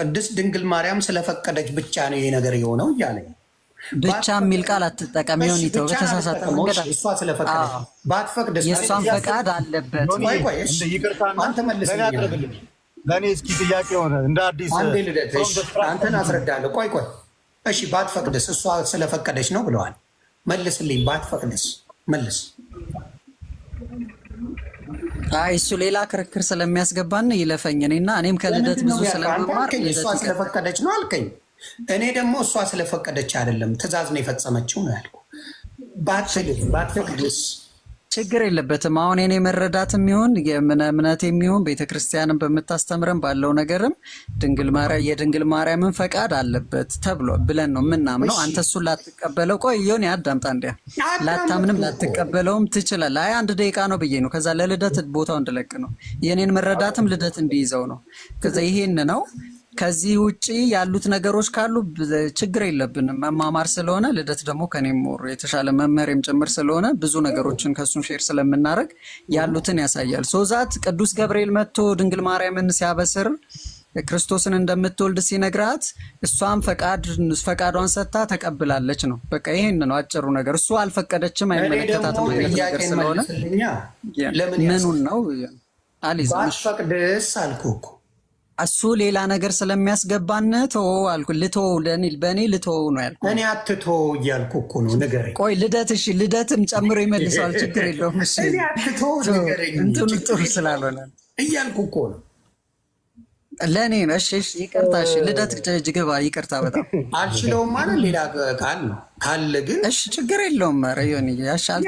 ቅድስት ድንግል ማርያም ስለፈቀደች ብቻ ነው ይሄ ነገር የሆነው እያለ ብቻ የሚል ቃል አትጠቀም። ይሁን ይተው በተሳሳተ መንገድ እሷ ስለፈቀደች ባትፈቅድ የእሷን ፈቃድ አለበት። ለእኔ እስኪ ጥያቄ ሆነ እንደ አዲስ አንተን አስረዳለሁ። ቆይ ቆይ እሺ፣ ባትፈቅድስ እሷ ስለፈቀደች ነው ብለዋል። መልስልኝ። ባትፈቅድስ መልስ አይ እሱ ሌላ ክርክር ስለሚያስገባን ይለፈኝ። እኔና እኔም ከልደት ብዙ ስለመማር እሷ ስለፈቀደች ነው አልከኝ። እኔ ደግሞ እሷ ስለፈቀደች አይደለም ትእዛዝ ነው የፈጸመችው ነው ያልኩ። ባትልስ ባትፈቅድስ ችግር የለበትም። አሁን የኔ መረዳት የሚሆን እምነት የሚሆን ቤተክርስቲያንን በምታስተምረን ባለው ነገርም ድንግል ማርያም የድንግል ማርያምን ፈቃድ አለበት ተብሎ ብለን ነው የምናምነው። አንተ እሱን ላትቀበለው ቆይ የሆን አዳምጣ እንዲያ ላታምንም ላትቀበለውም ትችላል። አይ አንድ ደቂቃ ነው ብዬ ነው። ከዛ ለልደት ቦታው እንድለቅ ነው የኔን መረዳትም ልደት እንዲይዘው ነው። ከዛ ይሄን ነው ከዚህ ውጪ ያሉት ነገሮች ካሉ ችግር የለብንም። መማማር ስለሆነ ልደት ደግሞ ከኔም ሞር የተሻለ መመሪያም ጭምር ስለሆነ ብዙ ነገሮችን ከሱም ሼር ስለምናደርግ ያሉትን ያሳያል። ሶዛት ቅዱስ ገብርኤል መጥቶ ድንግል ማርያምን ሲያበስር ክርስቶስን እንደምትወልድ ሲነግራት እሷም ፈቃዷን ሰጥታ ተቀብላለች ነው። በቃ ይሄን ነው አጭሩ ነገር። እሱ አልፈቀደችም፣ አይመለከታትም አይነት ነገር ስለሆነ ምኑን ነው አልይዝ ባትፈቅድስ አልኩህ እኮ እሱ ሌላ ነገር ስለሚያስገባን ቶ አልኩ። ልተወው በእኔ ልቶ ነው ያልኩ። እኔ አትቶ እያልኩ እኮ ነው። ነገር። ቆይ ልደት፣ እሺ ልደትም ጨምሮ ይመልሰዋል። ችግር የለውም። አትቶ አትተወው እንትኑ ጥሩ ስላልሆነ እያልኩ እኮ ነው። ለእኔ ነው። እሺ፣ ይቅርታ። ልደት ግባ። ይቅርታ። በጣም አልችለውም ማለት ሌላ ቃል ነው ካለ ግን እሺ ችግር የለውም። ረዮን ያሻል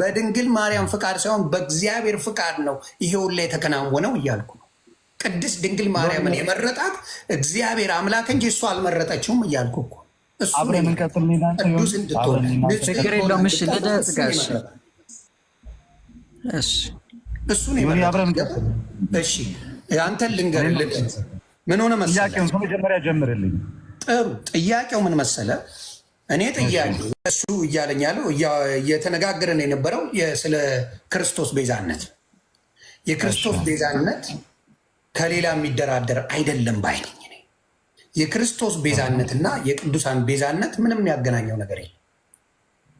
በድንግል ማርያም ፍቃድ ሳይሆን በእግዚአብሔር ፍቃድ ነው ይሄ ሁላ የተከናወነው እያልኩ ነው። ቅድስት ድንግል ማርያምን የመረጣት እግዚአብሔር አምላክ እንጂ እሱ አልመረጠችውም እያልኩ እኮ ቅዱስ እንድትሆን ምን ሆነ መሰለህ፣ ጥያቄውን ከመጀመሪያ ጀምርልኝ ጥሩ ጥያቄው ምን መሰለ? እኔ ጥያቄ እሱ እያለኝ ያለው እየተነጋገረን የነበረው ስለ ክርስቶስ ቤዛነት፣ የክርስቶስ ቤዛነት ከሌላ የሚደራደር አይደለም ባይነኝ። የክርስቶስ ቤዛነትና የቅዱሳን ቤዛነት ምንም ያገናኘው ነገር የለም።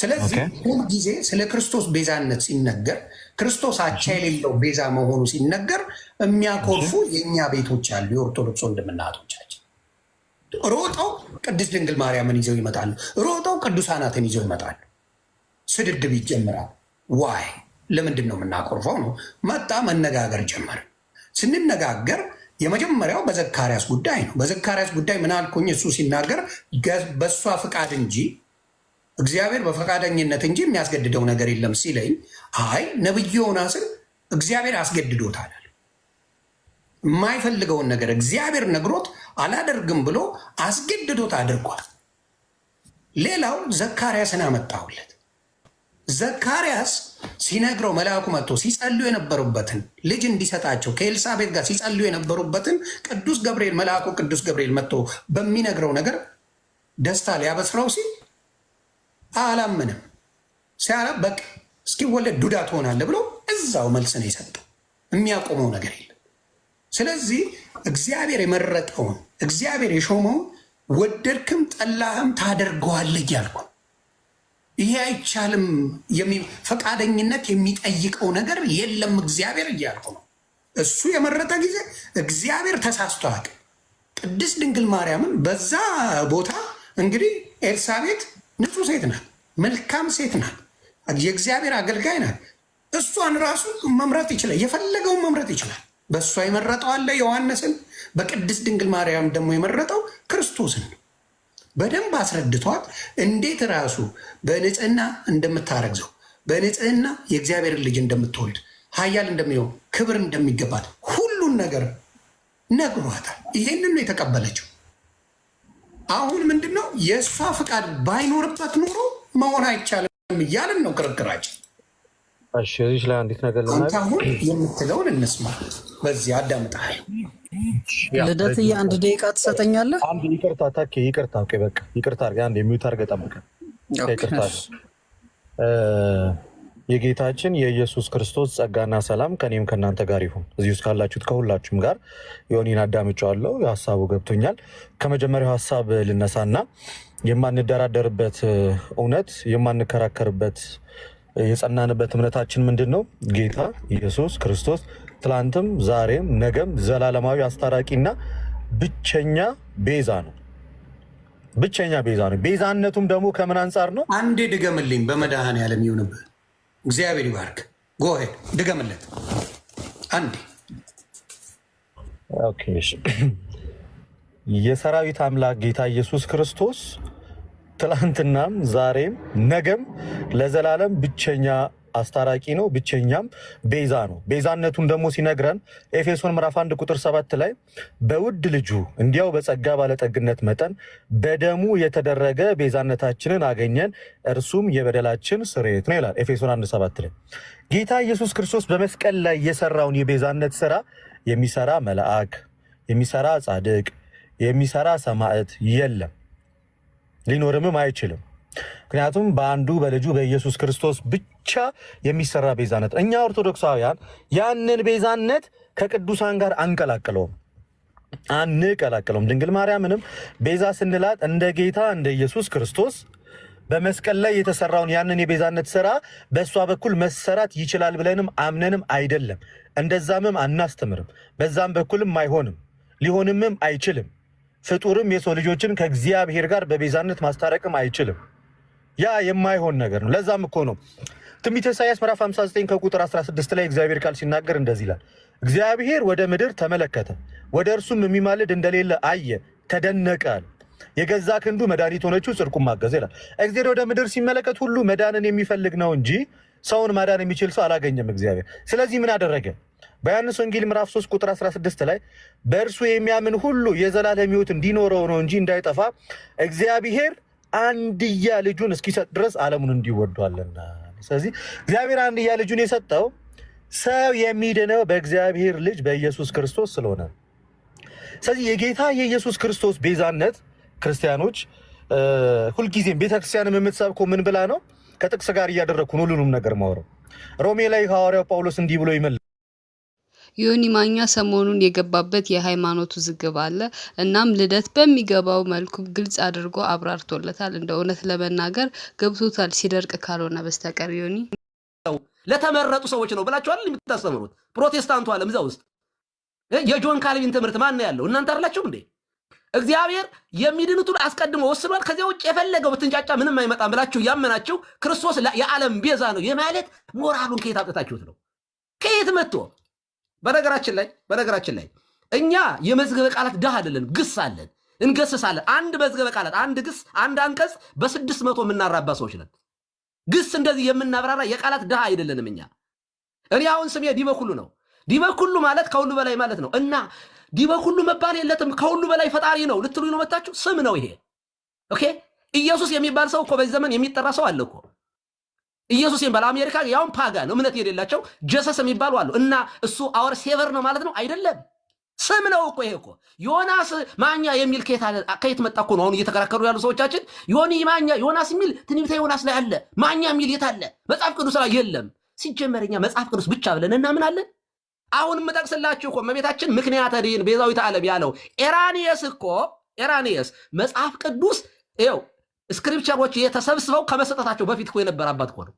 ስለዚህ ሁል ጊዜ ስለ ክርስቶስ ቤዛነት ሲነገር ክርስቶስ አቻ የሌለው ቤዛ መሆኑ ሲነገር የሚያኮርፉ የእኛ ቤቶች አሉ፣ የኦርቶዶክስ ወንድምናቶች አሉ። ሮጠው ቅድስት ድንግል ማርያምን ይዘው ይመጣሉ። ሮጠው ቅዱሳናትን ይዘው ይመጣሉ። ስድድብ ይጀምራል። ዋይ ለምንድን ነው የምናቆርፈው? ነው መጣ። መነጋገር ጀመር። ስንነጋገር የመጀመሪያው በዘካርያስ ጉዳይ ነው። በዘካርያስ ጉዳይ ምን አልኩኝ? እሱ ሲናገር በእሷ ፍቃድ እንጂ እግዚአብሔር በፈቃደኝነት እንጂ የሚያስገድደው ነገር የለም ሲለኝ፣ አይ ነብዩ ዮናስን እግዚአብሔር አስገድዶታል። የማይፈልገውን ነገር እግዚአብሔር ነግሮት አላደርግም ብሎ አስገድዶት አድርጓል። ሌላው ዘካርያስን አመጣሁለት። ዘካርያስ ሲነግረው መልአኩ መጥቶ ሲጸሉ የነበሩበትን ልጅ እንዲሰጣቸው ከኤልሳቤት ጋር ሲጸሉ የነበሩበትን ቅዱስ ገብርኤል መልአኩ ቅዱስ ገብርኤል መጥቶ በሚነግረው ነገር ደስታ ሊያበስረው ሲል አላምንም ሲያላ በቅ እስኪወለድ ዱዳ ትሆናለህ ብሎ እዛው መልስ ነው የሰጠው። የሚያቆመው ነገር የለም። ስለዚህ እግዚአብሔር የመረጠውን እግዚአብሔር የሾመውን ወደድክም ጠላህም ታደርገዋለህ እያልኩ ይሄ አይቻልም፣ ፈቃደኝነት የሚጠይቀው ነገር የለም እግዚአብሔር እያልኩ ነው። እሱ የመረጠ ጊዜ እግዚአብሔር ተሳስቶ አያውቅም። ቅድስት ድንግል ማርያምን በዛ ቦታ እንግዲህ ኤልሳቤት ንጹህ ሴት ናት፣ መልካም ሴት ናት፣ የእግዚአብሔር አገልጋይ ናት። እሷን ራሱ መምረጥ ይችላል፣ የፈለገውን መምረጥ ይችላል። በእሷ የመረጠው አለ ዮሐንስን፣ በቅድስት ድንግል ማርያም ደግሞ የመረጠው ክርስቶስን ነው። በደንብ አስረድቷት እንዴት ራሱ በንጽህና እንደምታረግዘው በንጽህና የእግዚአብሔር ልጅ እንደምትወልድ ኃያል እንደሚሆን ክብር እንደሚገባት ሁሉን ነገር ነግሯታል። ይሄንን ነው የተቀበለችው። አሁን ምንድን ነው የእሷ ፍቃድ ባይኖርበት ኑሮ መሆን አይቻልም እያልን ነው ክርክራችን። አሸሪሽ ላይ አንዲት ነገር ልናሁን የምትለውን እንስማ። በዚህ አዳምጣለሁ። ልደትዬ አንድ ደቂቃ ትሰጠኛለህ? አንድ ይቅርታ ታኬ ይቅርታ በቃ ይቅርታ አድርገህ አንድ የሚውት አድርገህ ጠብቅ። ይቅርታ የጌታችን የኢየሱስ ክርስቶስ ጸጋና ሰላም ከኔም ከእናንተ ጋር ይሁን። እዚህ ውስጥ ካላችሁት ከሁላችሁም ጋር የሆኔን አዳምጫዋለሁ። ሀሳቡ ገብቶኛል። ከመጀመሪያው ሀሳብ ልነሳና የማንደራደርበት እውነት የማንከራከርበት የጸናንበት እምነታችን ምንድን ነው? ጌታ ኢየሱስ ክርስቶስ ትላንትም ዛሬም ነገም ዘላለማዊ አስታራቂና ብቸኛ ቤዛ ነው። ብቸኛ ቤዛ ነው። ቤዛነቱም ደግሞ ከምን አንጻር ነው? አንዴ ድገምልኝ። ያለም ይሁንብህ። እግዚአብሔር ይባርክ። ጎሄድ ድገምለት አንዴ። የሰራዊት አምላክ ጌታ ኢየሱስ ክርስቶስ ትላንትናም ዛሬም ነገም ለዘላለም ብቸኛ አስታራቂ ነው፣ ብቸኛም ቤዛ ነው። ቤዛነቱን ደግሞ ሲነግረን ኤፌሶን ምዕራፍ 1 ቁጥር 7 ላይ በውድ ልጁ እንዲያው በጸጋ ባለጠግነት መጠን በደሙ የተደረገ ቤዛነታችንን አገኘን፣ እርሱም የበደላችን ስርየት ነው ይላል። ኤፌሶን 1 7 ላይ ጌታ ኢየሱስ ክርስቶስ በመስቀል ላይ የሰራውን የቤዛነት ስራ የሚሰራ መልአክ፣ የሚሰራ ጻድቅ፣ የሚሰራ ሰማዕት የለም። ሊኖርምም አይችልም። ምክንያቱም በአንዱ በልጁ በኢየሱስ ክርስቶስ ብቻ የሚሰራ ቤዛነት፣ እኛ ኦርቶዶክሳውያን ያንን ቤዛነት ከቅዱሳን ጋር አንቀላቅለውም አንቀላቅለውም። ድንግል ማርያምንም ቤዛ ስንላት እንደ ጌታ እንደ ኢየሱስ ክርስቶስ በመስቀል ላይ የተሰራውን ያንን የቤዛነት ስራ በእሷ በኩል መሰራት ይችላል ብለንም አምነንም አይደለም። እንደዛምም አናስተምርም። በዛም በኩልም አይሆንም፣ ሊሆንምም አይችልም። ፍጡርም የሰው ልጆችን ከእግዚአብሔር ጋር በቤዛነት ማስታረቅም አይችልም። ያ የማይሆን ነገር ነው። ለዛም እኮ ነው ትንቢተ ኢሳያስ ምዕራፍ 59 ከቁጥር 16 ላይ እግዚአብሔር ቃል ሲናገር እንደዚህ ይላል፣ እግዚአብሔር ወደ ምድር ተመለከተ፣ ወደ እርሱም የሚማልድ እንደሌለ አየ፣ ተደነቀ። አለ። የገዛ ክንዱ መድኃኒት ሆነችው፣ ጽድቁም አገዘ ይላል። እግዚአብሔር ወደ ምድር ሲመለከት ሁሉ መዳንን የሚፈልግ ነው እንጂ ሰውን ማዳን የሚችል ሰው አላገኘም እግዚአብሔር። ስለዚህ ምን አደረገ? በዮሐንስ ወንጌል ምዕራፍ 3 ቁጥር 16 ላይ በእርሱ የሚያምን ሁሉ የዘላለም ሕይወት እንዲኖረው ነው እንጂ እንዳይጠፋ እግዚአብሔር አንድያ ልጁን እስኪሰጥ ድረስ ዓለሙን እንዲወዷልና። ስለዚህ እግዚአብሔር አንድያ ልጁን የሰጠው ሰው የሚድነው በእግዚአብሔር ልጅ በኢየሱስ ክርስቶስ ስለሆነ፣ ስለዚህ የጌታ የኢየሱስ ክርስቶስ ቤዛነት ክርስቲያኖች ሁልጊዜም ቤተክርስቲያን የምትሰብከው ምን ብላ ነው? ከጥቅስ ጋር እያደረግኩ ሁሉንም ነገር ማውረው። ሮሜ ላይ ሐዋርያው ጳውሎስ እንዲህ ብሎ ይመል ዮኒ ማኛ ሰሞኑን የገባበት የሃይማኖቱ ውዝግብ አለ። እናም ልደት በሚገባው መልኩ ግልጽ አድርጎ አብራርቶለታል። እንደ እውነት ለመናገር ገብቶታል፣ ሲደርቅ ካልሆነ በስተቀር ዮኒ ለተመረጡ ሰዎች ነው ብላችኋል የምታስተምሩት። ፕሮቴስታንቱ ዓለም እዛ ውስጥ የጆን ካልቪን ትምህርት ማን ያለው እናንተ አላችሁ እንዴ? እግዚአብሔር የሚድኑትን አስቀድሞ ወስኗል። ከዚያ ውጭ የፈለገው ብትንጫጫ ምንም አይመጣም ብላችሁ ያመናችሁ ክርስቶስ የዓለም ቤዛ ነው የማለት ሞራሉን ከየት አምጥታችሁት ነው? ከየት መጥቶ? በነገራችን ላይ በነገራችን ላይ እኛ የመዝገበ ቃላት ድሃ አይደለን፣ ግስ አለን፣ እንገስሳለን። አንድ መዝገበ ቃላት፣ አንድ ግስ፣ አንድ አንቀጽ በስድስት መቶ የምናራባ ሰዎች ነን። ግስ እንደዚህ የምናብራራ የቃላት ድሃ አይደለንም እኛ። እኔ አሁን ስሜ ዲበኩሉ ነው። ዲበኩሉ ማለት ከሁሉ በላይ ማለት ነው እና ዲበ ሁሉ መባል የለትም ከሁሉ በላይ ፈጣሪ ነው ልትሉ ነው መታችሁ። ስም ነው ይሄ። ኦኬ ኢየሱስ የሚባል ሰው እኮ በዚህ ዘመን የሚጠራ ሰው አለ እኮ ኢየሱስ የሚባል አሜሪካ፣ ያውም ፓጋን እምነት የሌላቸው ጀሰስ የሚባሉ አሉ። እና እሱ አወር ሴቨር ነው ማለት ነው አይደለም። ስም ነው እኮ ይሄ እኮ ዮናስ ማኛ የሚል ከየት መጣ እኮ ነው አሁን እየተከራከሩ ያሉ ሰዎቻችን። ዮኒ ማኛ ዮናስ የሚል ትንቢተ ዮናስ ላይ አለ። ማኛ የሚል የት አለ? መጽሐፍ ቅዱስ ላይ የለም። ሲጀመር እኛ መጽሐፍ ቅዱስ ብቻ ብለን እናምናለን። አሁን የምጠቅስላችሁ እኮ እመቤታችን ምክንያተ ድኅን ቤዛዊተ ዓለም ያለው ኤራኒየስ እኮ ኤራኒየስ መጽሐፍ ቅዱስ ው ስክሪፕቸሮች የተሰብስበው ከመሰጠታቸው በፊት እኮ የነበረ አባት እኮ ነው።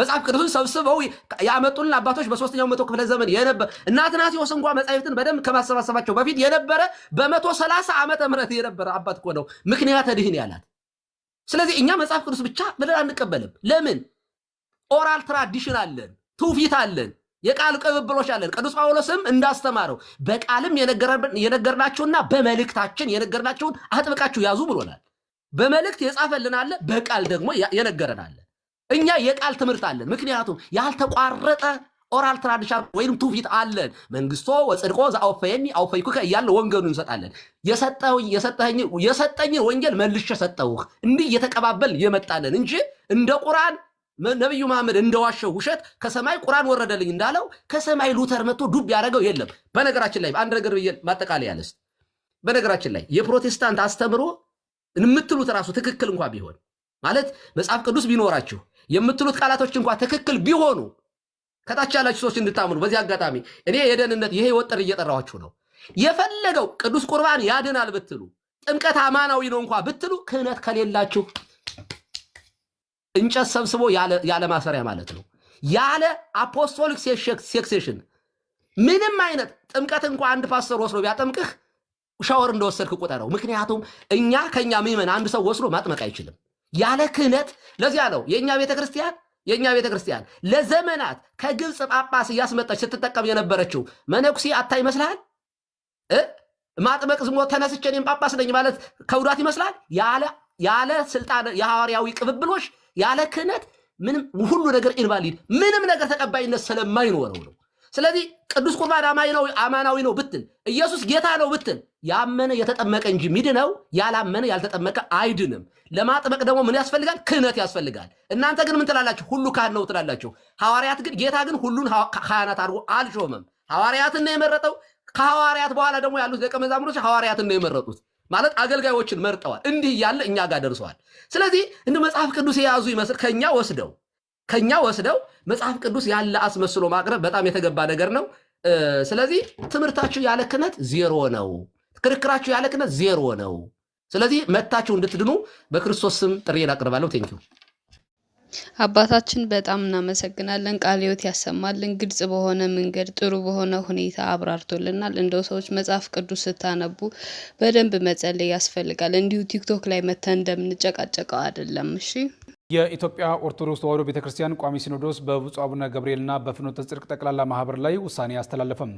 መጽሐፍ ቅዱስን ሰብስበው ያመጡልን አባቶች በሶስተኛው መቶ ክፍለ ዘመን የነበረ እና አትናቴዎስ እንኳ መጻሕፍትን በደንብ ከማሰባሰባቸው በፊት የነበረ በመቶ ሰላሳ ዓመተ ምሕረት የነበረ አባት እኮ ነው ምክንያተ ድኅን ያላት። ስለዚህ እኛ መጽሐፍ ቅዱስ ብቻ ብለን አንቀበልም። ለምን? ኦራል ትራዲሽን አለን፣ ትውፊት አለን። የቃል ቅብብሎች አለን። ቅዱስ ጳውሎስም እንዳስተማረው በቃልም የነገርናችሁና በመልእክታችን የነገርናችሁን አጥብቃችሁ ያዙ ብሎናል። በመልእክት የጻፈልን አለ፣ በቃል ደግሞ የነገረን አለ። እኛ የቃል ትምህርት አለን። ምክንያቱም ያልተቋረጠ ኦራል ትራዲሽን ወይም ትውፊት አለን። መንግስቶ ወጽድቆ ዘአውፈየኒ አውፈይኩከ እያለ ወንጌሉን እንሰጣለን። የሰጠኝን ወንጌል መልሼ ሰጠውህ። እንዲህ እየተቀባበል የመጣለን እንጂ እንደ ቁርአን ነቢዩ መሐመድ እንደዋሸው ውሸት ከሰማይ ቁርአን ወረደልኝ እንዳለው ከሰማይ ሉተር መጥቶ ዱብ ያደረገው የለም። በነገራችን ላይ አንድ ነገር ማጠቃለያ ያለስ በነገራችን ላይ የፕሮቴስታንት አስተምሮ የምትሉት ራሱ ትክክል እንኳ ቢሆን ማለት መጽሐፍ ቅዱስ ቢኖራችሁ የምትሉት ቃላቶች እንኳ ትክክል ቢሆኑ ከታች ያላችሁ ሰዎች እንድታምኑ በዚህ አጋጣሚ እኔ የደህንነት ይሄ ወጠር እየጠራኋችሁ ነው። የፈለገው ቅዱስ ቁርባን ያድናል ብትሉ ጥምቀት አማናዊ ነው እንኳ ብትሉ ክህነት ከሌላችሁ እንጨት ሰብስቦ ያለ ማሰሪያ ማለት ነው። ያለ አፖስቶሊክ ሴክሴሽን ምንም አይነት ጥምቀት እንኳ አንድ ፓስተር ወስዶ ቢያጠምቅህ ሻወር እንደወሰድክ ቁጠረው። ምክንያቱም እኛ ከእኛ ምዕመን አንድ ሰው ወስዶ ማጥመቅ አይችልም ያለ ክህነት። ለዚያ ነው የእኛ ቤተ ክርስቲያን የእኛ ቤተ ክርስቲያን ለዘመናት ከግብፅ ጳጳስ እያስመጣች ስትጠቀም የነበረችው መነኩሴ አታ ይመስልሃል? ማጥመቅ ዝሞ ተነስቼ እኔም ጳጳስ ነኝ ማለት ከውዳት ይመስላል። ያለ ስልጣን የሐዋርያዊ ቅብብሎች ያለ ክህነት ምንም ሁሉ ነገር ኢንቫሊድ ምንም ነገር ተቀባይነት ስለማይኖረው ነው። ስለዚህ ቅዱስ ቁርባን አማናዊ ነው ብትል፣ ኢየሱስ ጌታ ነው ብትል፣ ያመነ የተጠመቀ እንጂ ሚድነው፣ ያላመነ ያልተጠመቀ አይድንም። ለማጥመቅ ደግሞ ምን ያስፈልጋል? ክህነት ያስፈልጋል። እናንተ ግን ምን ትላላችሁ? ሁሉ ካህን ነው ትላላችሁ። ሐዋርያት ግን ጌታ ግን ሁሉን ካህናት አድርጎ አልሾመም። ሐዋርያትን ነው የመረጠው። ከሐዋርያት በኋላ ደግሞ ያሉት ደቀ መዛሙርቶች ሐዋርያትን ነው የመረጡት። ማለት አገልጋዮችን መርጠዋል። እንዲህ እያለ እኛ ጋር ደርሰዋል። ስለዚህ እንደ መጽሐፍ ቅዱስ የያዙ ይመስል ከኛ ወስደው ከኛ ወስደው መጽሐፍ ቅዱስ ያለ አስመስሎ ማቅረብ በጣም የተገባ ነገር ነው። ስለዚህ ትምህርታችሁ ያለ ክነት ዜሮ ነው። ክርክራችሁ ያለ ክነት ዜሮ ነው። ስለዚህ መታችሁ እንድትድኑ በክርስቶስ ስም ጥሪ አቀርባለሁ። ቴንኪው አባታችን በጣም እናመሰግናለን። ቃለ ሕይወት ያሰማልን። ግልጽ በሆነ መንገድ ጥሩ በሆነ ሁኔታ አብራርቶልናል። እንደው ሰዎች መጽሐፍ ቅዱስ ስታነቡ በደንብ መጸለይ ያስፈልጋል። እንዲሁ ቲክቶክ ላይ መተን እንደምንጨቃጨቀው አይደለም። እሺ። የኢትዮጵያ ኦርቶዶክስ ተዋሕዶ ቤተ ክርስቲያን ቋሚ ሲኖዶስ በብፁዕ አቡነ ገብርኤልና በፍኖተ ጽድቅ ጠቅላላ ማህበር ላይ ውሳኔ አስተላለፈም።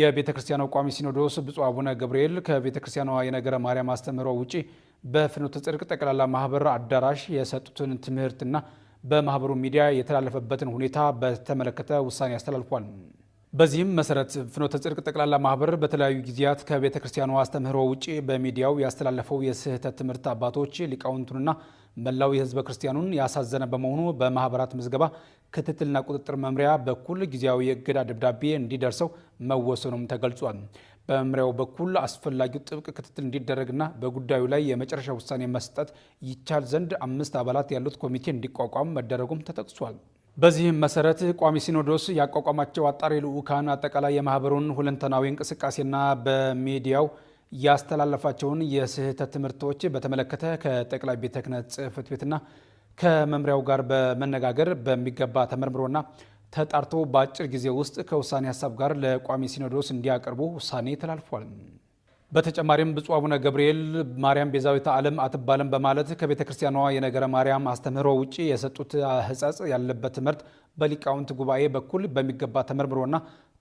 የቤተ ክርስቲያኗ ቋሚ ሲኖዶስ ብፁዕ አቡነ ገብርኤል ከቤተ ክርስቲያኗ የነገረ ማርያም አስተምህሮ ውጪ በፍኖተ ጽድቅ ጠቅላላ ማህበር አዳራሽ የሰጡትን ትምህርትና በማህበሩ ሚዲያ የተላለፈበትን ሁኔታ በተመለከተ ውሳኔ አስተላልፏል። በዚህም መሰረት ፍኖተ ጽድቅ ጠቅላላ ማህበር በተለያዩ ጊዜያት ከቤተ ክርስቲያኑ አስተምህሮ ውጭ በሚዲያው ያስተላለፈው የስህተት ትምህርት አባቶች ሊቃውንቱንና መላው የህዝበ ክርስቲያኑን ያሳዘነ በመሆኑ በማህበራት ምዝገባ ክትትልና ቁጥጥር መምሪያ በኩል ጊዜያዊ የእገዳ ደብዳቤ እንዲደርሰው መወሰኑም ተገልጿል። በመምሪያው በኩል አስፈላጊው ጥብቅ ክትትል እንዲደረግና በጉዳዩ ላይ የመጨረሻ ውሳኔ መስጠት ይቻል ዘንድ አምስት አባላት ያሉት ኮሚቴ እንዲቋቋም መደረጉም ተጠቅሷል። በዚህም መሰረት ቋሚ ሲኖዶስ ያቋቋማቸው አጣሪ ልዑካን አጠቃላይ የማህበሩን ሁለንተናዊ እንቅስቃሴና በሚዲያው ያስተላለፋቸውን የስህተት ትምህርቶች በተመለከተ ከጠቅላይ ቤተ ክህነት ቤትና ከመምሪያው ጋር በመነጋገር በሚገባ ተመርምሮና ተጣርቶ በአጭር ጊዜ ውስጥ ከውሳኔ ሀሳብ ጋር ለቋሚ ሲኖዶስ እንዲያቀርቡ ውሳኔ ተላልፏል። በተጨማሪም ብፁዕ አቡነ ገብርኤል ማርያም ቤዛዊተ ዓለም አትባልም በማለት ከቤተ ክርስቲያኗ የነገረ ማርያም አስተምህሮ ውጭ የሰጡት ሕጸጽ ያለበት ትምህርት በሊቃውንት ጉባኤ በኩል በሚገባ ተመርምሮና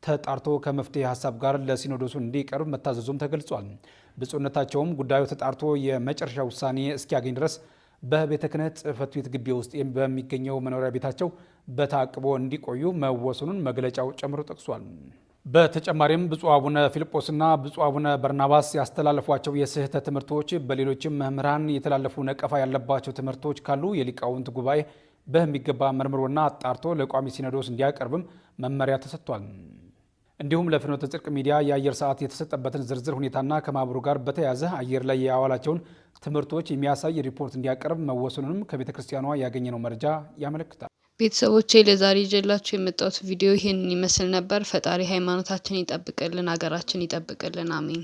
ተጣርቶ ከመፍትሄ ሀሳብ ጋር ለሲኖዶሱ እንዲቀርብ መታዘዙም ተገልጿል። ብፁዕነታቸውም ጉዳዩ ተጣርቶ የመጨረሻ ውሳኔ እስኪያገኝ ድረስ በቤተ ክህነት ጽሕፈት ቤት ግቢ ውስጥ በሚገኘው መኖሪያ ቤታቸው በታቅቦ እንዲቆዩ መወሰኑን መግለጫው ጨምሮ ጠቅሷል። በተጨማሪም ብፁዕ አቡነ ፊልጶስና ብፁዕ አቡነ በርናባስ ያስተላለፏቸው የስህተት ትምህርቶች በሌሎችም መምህራን የተላለፉ ነቀፋ ያለባቸው ትምህርቶች ካሉ የሊቃውንት ጉባኤ በሚገባ መርምሮና አጣርቶ ለቋሚ ሲኖዶስ እንዲያቀርብም መመሪያ ተሰጥቷል። እንዲሁም ለፍኖተ ጽድቅ ሚዲያ የአየር ሰዓት የተሰጠበትን ዝርዝር ሁኔታና ከማህበሩ ጋር በተያያዘ አየር ላይ የአዋላቸውን ትምህርቶች የሚያሳይ ሪፖርት እንዲያቀርብ መወሰኑንም ከቤተ ክርስቲያኗ ያገኘነው መረጃ ያመለክታል። ቤተሰቦቼ ለዛሬ ይዤላችሁ የመጣሁት ቪዲዮ ይህንን ይመስል ነበር። ፈጣሪ ሃይማኖታችን ይጠብቅልን፣ ሀገራችን ይጠብቅልን። አሜን